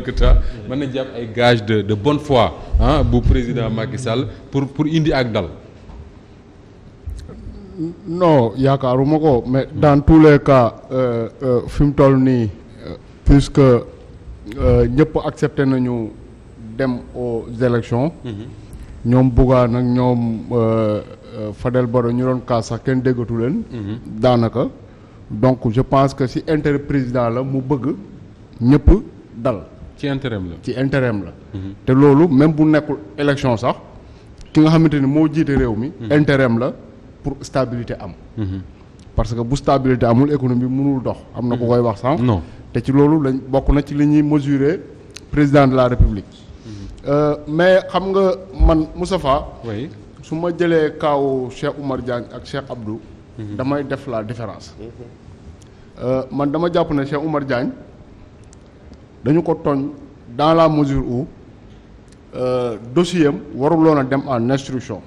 quelque mën nañ jàpp ay gaz de de bonne foi bu président Macky Sall pour pour indi ak dal non yaakaaruma ko mais dans tous les cas euh, euh, fi mu toll nii euh, puisque ñëpp accepté nañu dem aux élections mhm. ñoom Bougane nag ñoom Fadel Baro ñu doon kaas sax kenn déggatu leen mhm. daanaka donc je pense que si intérêt président la mu bëgg ñëpp dal ci intérim la ci intérim la. te loolu même bu nekkul élection sax ki nga xamante ni moo jiite réew mi. Hmm. intérim la pour stabilité am. Hmm. parce que bu stabilité amul économie mënul dox. am na ko hmm. koy wax sànq. non te ci loolu lañ bokk na ci li ñuy mesurer président de la république. Euh, mais xam nga man Moustapha. oui su ma jëlee kaaw Cheikh Oumar Diagne ak Cheikh Abdou. damay def la différence. Euh, man dama jàpp ne Cheikh Oumar Diagne. dañu ko tooñ dans la mesure où euh, dossier am waruloon a dem en instruction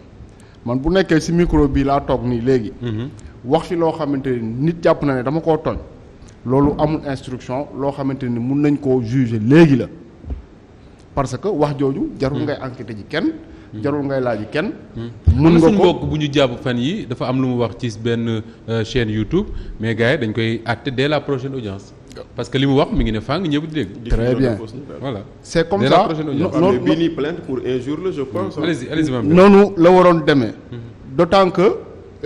man bu nekkee ci micro bi laa toog nii léegi. Mhm. wax ci loo xamante ni nit jàpp na ne dama ko tooñ. loolu amul instruction loo xamante ni mun nañ koo juger léegi la parce que wax jooju. jarul mhm. ngay enquêter ji kenn. Mhm. jarul ngay laaj kenn. mun nga ko mbokk bu ñu jàpp fan yi dafa am lu mu wax ci benn euh, chaîne YouTube mais gars yi dañ koy àtte dès la prochaine audience. parce que li mu wax mi ngi ne fang ñëpp dégg. très bien voilà. comme ça noonu la waroon demee. Mhm. d' autant que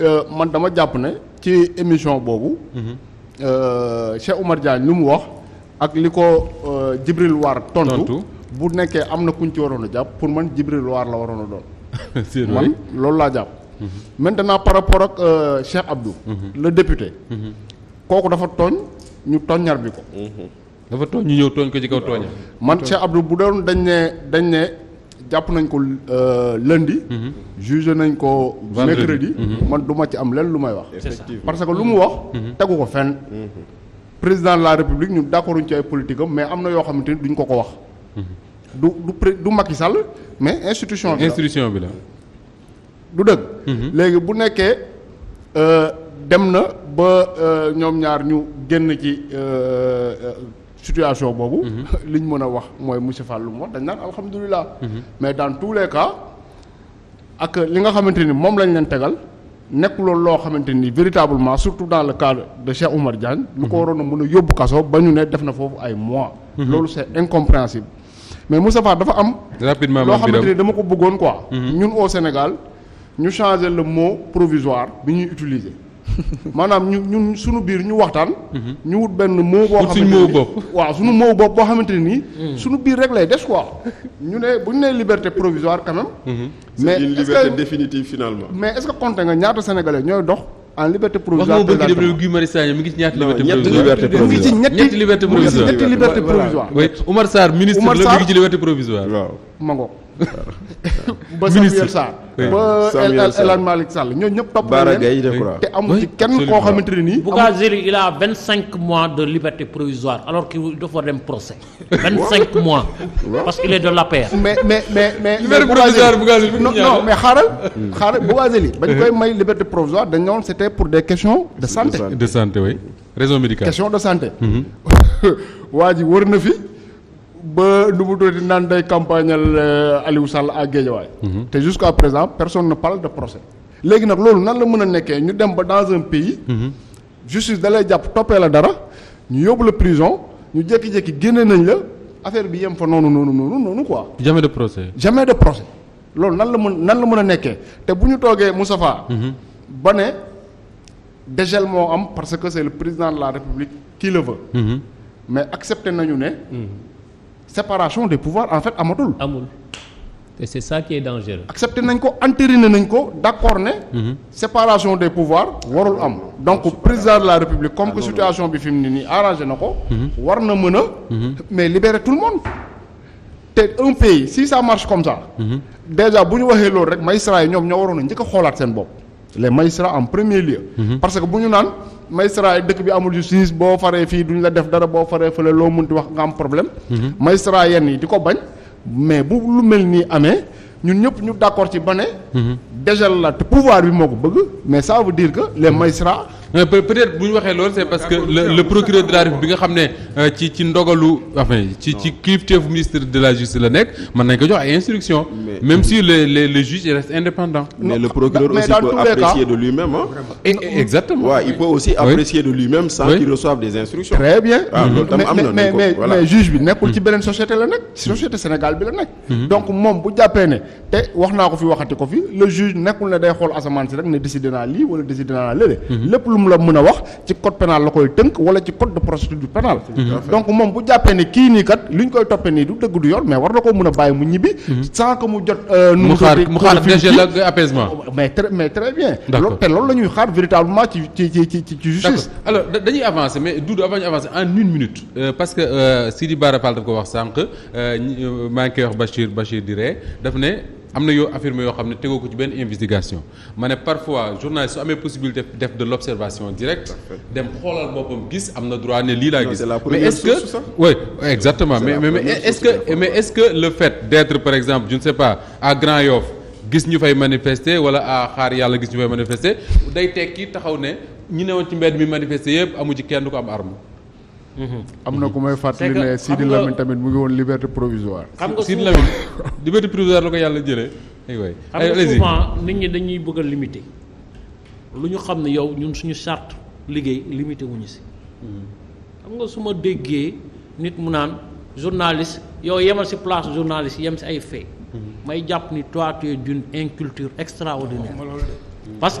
euh, man dama jàpp ne ci émission boobu. Mhm. Euh, Cheikh Oumar Diagne lu mu wax ak li ko euh, Djibril War tontu. bu nekkee am na ku kuñ ci waroon a jàpp pour man Djibril War la waroon a doon. man loolu laa jàpp. Mhm. maintenant par rapport ak Cheikh Abdou. le député. kooku dafa tooñ. ñu toññar bi ko. dafa tooñ ñu ñëw tooñ ko ci kaw tooña man Cheikh Abdou bu doon dañ ne dañ ne jàpp nañ ko euh, lundi. Mhm. jugé nañ ko. mercredi mhm. man du ma ci am lenn lu may wax. parce que lu mu wax. Mhm. tegu ko fen président la république ñu d'accord uñ ci ay politique mais am na yoo xamante ni duñ ko ko wax. du du pré du Macky Sall mais institution. bi la bi la. du dëgg. léegi bu nekkee. Euh, dem na ba euh, ñoom ñaar ñu génn ci euh, euh, situation boobu. Mm-hmm. li ñu mën a wax mooy monsieur Fall lu mu wax dañ naan alhamdulilah. Mm-hmm. mais dans tous les cas ak li nga xamante ni moom lañ leen tegal nekk nekkul loo xamante ni véritablement surtout dans le cas de Cheikh Oumar Diagne. lu ko mm-hmm. waroon na mën a yóbbu kaso ba ñu ne def na foofu ay mois. loolu c'est incompréhensible. mais Moussa Fall dafa am. rapidement loo xamante ni dama ko bëggoon quoi. ñun au Sénégal ñu changer le mot provisoire bi ñuy utiliser. maanaam ñu ñu suñu biir ñu waxtaan. Mhm. ñu wut benn moo boo xamante ni bopp. waaw suñu moo bopp boo xamante ne nii. Mhm. suñu biir rek lay des quoi. ñu ne bu ñu nee liberté provisoire quand même. Mhm. mais est que c'est nga ñaata sénégalais ñooy dox. en liberté provisoire wax bëgg dem Guy Marius Sagna mi ngi ci ñaata liberté provisoire mi ngi ci ñetti liberté provisoire ñetti liberté provisoire Oumar Sarr ministre ngi ci liberté provisoire waaw ba Samuel Sarr ba El Hadj Malick Sall ñoo ñëpp te amu ci kenn koo xamante ne nii Bougazeli il a vingt cinq mois de liberté provisoire alors que dafa dem procès vingt cinq mois parce qu'il est de l'APR mais mais mais mais non non mais xaaral hmm. bañ koy may liberté provisoire dañ ne pour des questions de santé de santé oui raison médicale question de santé hmm. waa ji wër na fi ba nu mu doon naan day campagnal euh, Aliou Sall à Guédiawaye mhm. te jusqu'à présent personne ne parle de procès léegi nag loolu nan la mën a nekkee ñu dem ba dans un pays mhm. justice da lay jàpp toppee la dara ñu yóbbu la prison ñu jékki-jékki génne nañ la affaire bi yem fa noonu noonu noonu noonu quoi jamais de procès jamais de procès loolu nan la mën nan la mën a nekkee te bu ñu toogee Moustapha mhm. ba ne dégel moo am parce que c'est le président de la République qui le veut mais accepté nañu ne séparation des pouvoirs en fait amatul. amul te c'est ça qui est dangereux. accepté nañ ko entériné nañ ko d'accord ne. Mhm. séparation des pouvoirs warul am. donc président de la république comme ah, que situation bi fi mu ne nii arrangé na ko. Mhm. war na mën a. Mhm. mais libérer tout le monde. te un pays si ça marche comme ça. déjà bu ñu waxee loolu rek magistrats yi ñoom ñoo waroon a njëkk a xoolaat seen bopp. les magistrats en premier lieu. parce que bu ñu naan. magistrat yi dëkk bi amul justice boo faree fii duñu la def dara boo faree fële loo mun di wax nga am problème. Mhm. maistra yenn yi di ko bañ. mais bu lu mel nii amee ñun ñëpp ñu d'accord ci ba ne. Mhm. la te pouvoir bi moo ko bëgg mais ça veut dire que les mhm. magistrats. Euh, peut-être bu ñu waxee lool c'est parce que le, le procureur de la République bi nga xam ne euh, ci ci ndogalu enfin ci ci kilifteefu ministre de la justice la nekk mën nañ ko jox ay instructions même si indépendant. mais le procureur aussi peut apprécier de lui-même exactement waaw il peut aussi apprécier de lui-même sans qu'il reçoive des instructions. très ah, mais mais juge bi nekkul ci mm-hmm. beneen société la nekk société Sénégal bi la nekk. Mm-hmm. donc moom bu jàppee ne te wax naa ko fi waxati ko fi le juge nekkul ne day xool asamaan si rek ne décidé naa lii wala décidé naa lële. Mm-hmm. lum la mën a wax ci code pénal la koy tënk wala ci code de procédure pénale mm-hmm. donc moom bu jàppee ne kii nii kat li ñu koy toppee nii du dëgg du yoon mais war na ko mën a bàyyi mu ñibbi mm-hmm. sans mu jot euh, nu mu xaar mu xaar apaisement oh, mais très mais très bien loolu te xaar véritablement ci ci ci ci ci justice alors dañuy avancer mais Doudou avant ñu en une minute euh, parce que euh, Sidi Bara Fall daf ko wax sànq maa ngi koy wax Bachir Bachir Diré daf ne am na yoo affirmé yoo xam ne tegoo ko ci benn investigation ma ne parfois journaliste su amee possibilité def de l' observation directe dem xoolal boppam gis am na droit ne lii laa gis mais est ce que oui exactement mais mais est ce que mais est ce que le fait d' par exemple je ne sais pas à Grand Yoff gis ñu fay manifester wala à xaar yàlla gis ñu fay manifester day tekki taxaw ne ñu newoon ci mbedd mi manifester yëpp amu ci kenn du ko am arme Mm-hmm. am na ku may fàttali ne Sidi Lamine tamit mu ngi woon liberté provisoire. xam nga Sidi yàlla jëlee. aywaay nit ñi dañuy bëgg a limité lu ñu xam ne yow ñun suñu charte liggéey limité wuñu si. Mm-hmm. xam nga su ma déggee nit mu naan journaliste yow yemal si place journaliste yem si ay fait mm-hmm. may jàpp ni toi tu es d'une inculture extraordinaire oh, parce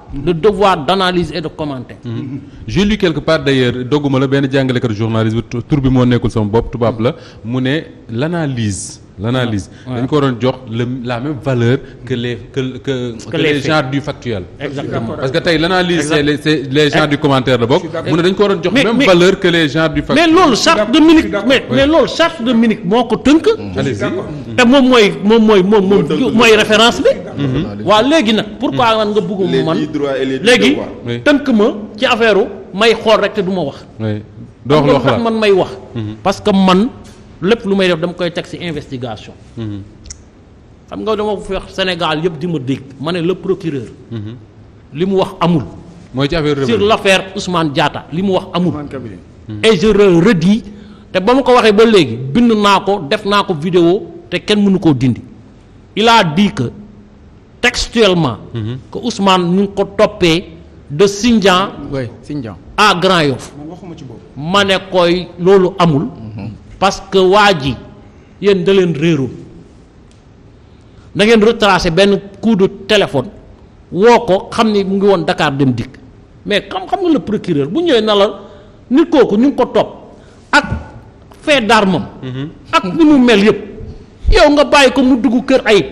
le devoir d'analyse et de commenter. Mhm. j'ai lu quelque part d'ailleurs dogguma la benn jàngalekat journaliste bi tur bi moo nekkul sama bopp tubaab la mu ne l'analyse l'analyse dañ ko waroon jox le la même valeur que les que que que du factuel exactement parce que tey l'analyse c'est les c'est les gens du commentaire la bokk mu ne dañ ko waroon jox même valeur que les gens du factuel mais loolu charte de Munich mais mais loolu charte de Munich moo ko tënk mm-hmm. mm-hmm. te moom mooy moom mooy moom moom mooy référence bi mm-hmm. waaw léegi ma ci affaire may xool rek te du ma wax doo loo xalaat man may wax parce man lépp lu may def dama koy teg ci investigation. xam nga dama ko fi wax Sénégal yëpp di ma dégg ma ne le procureur. li mu wax amul. mooy ci affaire sur l' affaire Ousmane li mu wax amul. Hmm. et je le redis te ba ma ko waxee ba léegi bind naa ko def naa ko vidéo te kenn mënu koo dindi il a dit que textuellement. Hmm. que Ousmane ñu ngi ko toppee de Sindian. oui Sindian à Grand Yoff. ma ne koy loolu amul. parce que waa ji yéen da leen réeru da ngeen benn coup de téléphone woo ko xam ni mu ngi woon Dakar dem dikk mais xam xam nga le procureur bu ñëwee na nit kooku ñu ngi ko topp ak fait d'armes mhm. ak ni mu mel yëpp yow nga bàyyi ko mu dugg kër ayib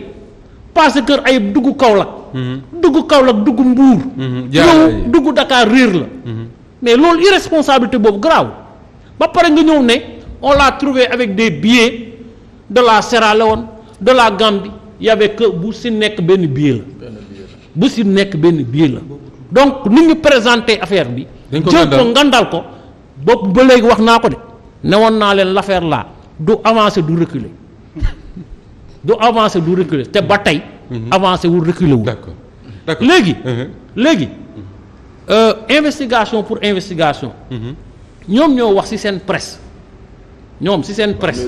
passé kër ayib dugg Kaolack mhm. dugg Kaolack dugg Mbuur mhm. yow dugg Dakar réer la mais loolu irresponsabilité boobu garaaw ba pare nga ñëw ne on l'a trouvé avec des billets de la Sierra Leone de la Gambie y avait que bu si nekk benn billet la bu si nekk benn billet la donc nu ñu présenté affaire bi jël ko ngandal ko bopp ba léegi wax naa ko de newoon naa leen l'affaire laa du avancer du reculer du avancer du reculer te ba tey mhm. avancer wu reculer wu d'accord d'accord léegi mhm. léegi mhm. Euh, investigation pour investigation ñoom ñoo wax ci seen presse ñoom si seen eh, presse.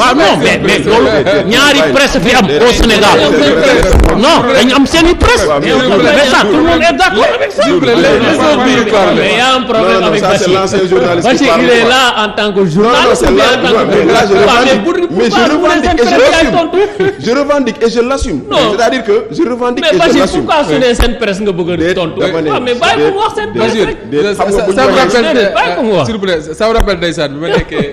waaw non mais mais loolu ñaari presse fi am au Sénégal non dañu am seen i presse. mais ça tout le monde est d'accord avec a un problème avec Bachir Bachir il est en tant que journaliste ou en tant que. mais je revendique et je l'assume je revendique et je su dee seen presse nga bëgg a tontu. waaw ah, mais bàyyi ko mu wax seen presse rek. xam nga bu ñu waxee s'il vous plaît ça bi ma nekkee.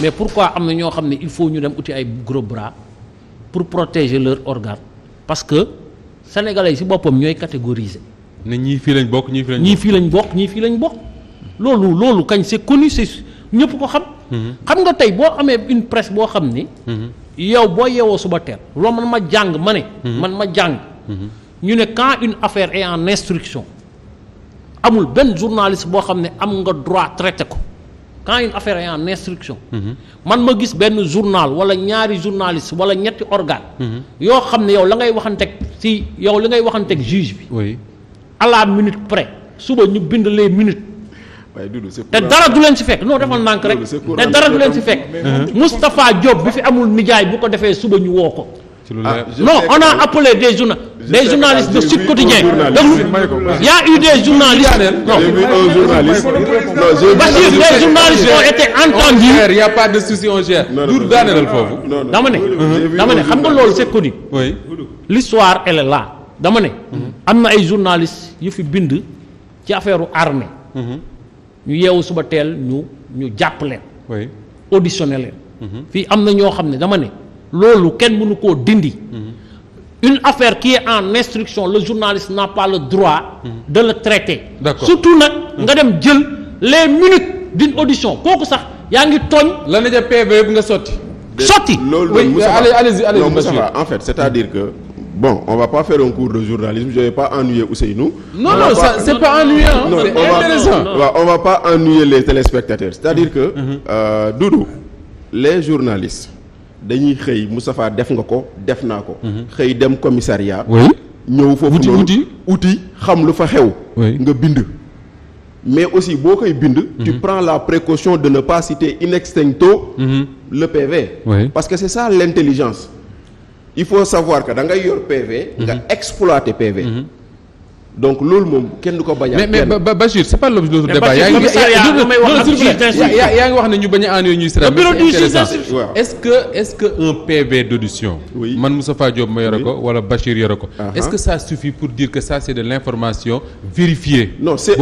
mais pourquoi am na ñoo xam ne il faut ñu dem uti ay gros bras pour protéger leur organe parce que sénégalais yi si boppam ñooy catégoriser. ne ñii fii lañ bokk ñii fii lañ. fii lañ bokk ñii fii lañ bokk. loolu loolu kañ c'est connu c'est ñëpp ko xam. Mhm. xam nga tey boo amee une presse boo xam ni. Mhm. yow boo yeewoo suba teel. loo man ma jàng ma ne. Mhm. man ma jàng. ñu ne quand une affaire est en instruction amul benn journaliste boo xam ne am nga droit traité ko. quand une affaire est en mhm. man ma gis benn journal wala ñaari journaliste wala ñetti organe mhm. yoo xam ne yow la ngay waxanteeg si yow li ngay waxanteeg juge bi. oui à la minute près suba ñu bind les minutes. te dara du leen si fekk noo defal nànk rek te dara du leen si fekk. Moustapha Diop bi fi amul nijaay bu ko defee suba ñu woo ko. Ah, non on a appelé des des journalistes de Sud Quotidien donc a eu des journalistes non Bachir des a pas dama ne dama ne xam nga loolu c'est connu l'histoire elle dama ne am na ay journalistes yu fi bind ci affaire armée ñu yeewu suba teel ñu jàpp leen auditionné fii am na ñoo xam ne dama ne loolu kenn mënu koo dindi une affaire qui est en instruction le journaliste n'a pas le droit hmm. de le traiter surtout nag hmm. nga dem jël les minutes d'une audition kooku sax yaa ngi tooñ la ne ja PV yëpp nga sotti sotti loolu allez-y allez-y en fait c'est-à-dire que bon on va pas faire un cours de journalisme je vais pas ennuyer Ousseynou non non c'est pas ennuyant c'est intéressant waaw on va pas ennuyer les téléspectateurs c'est-à-dire hmm. que euh, Doudou les journalistes dañuy xëy Moustapha def nga ko def naa ko. Mhm. xëy dem commissariat. ñëw foofu noonu outil xam lu fa xew. nga bind. mais aussi boo koy bind. tu mhm. prends la précaution de ne pas citer in extincto. Mhm. le PV. parce que c'est ça l'intelligence. il faut savoir que da ngay yor PV. nga exploiter PV. donc loolu moom kenn du ko bañ a. mais mais Bachir c'est pas l'objet de notre yaa ngi wax na ñu bañ a àndoo ñuy sera est-ce que est-ce que un PV d'audition. oui man Moustapha Diop ma yore ko wala Bachir yore ko. est-ce que ça suffit pour dire que ça c'est l'information vérifiée. non c'est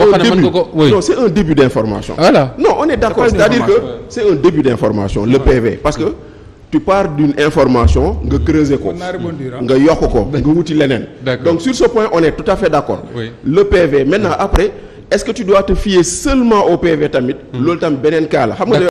un début d'information. voilà non on est d'accord c'est-à-dire que c'est un début d'information le PV parce que. tu pars d'une information nga creuser ko nga yokk ko nga wuti leneen donc sur ce point on tout à fait d'accord oui. le PV après est-ce que tu dois te fier seulement au tamit hmm. loolu tam beneen cas la xam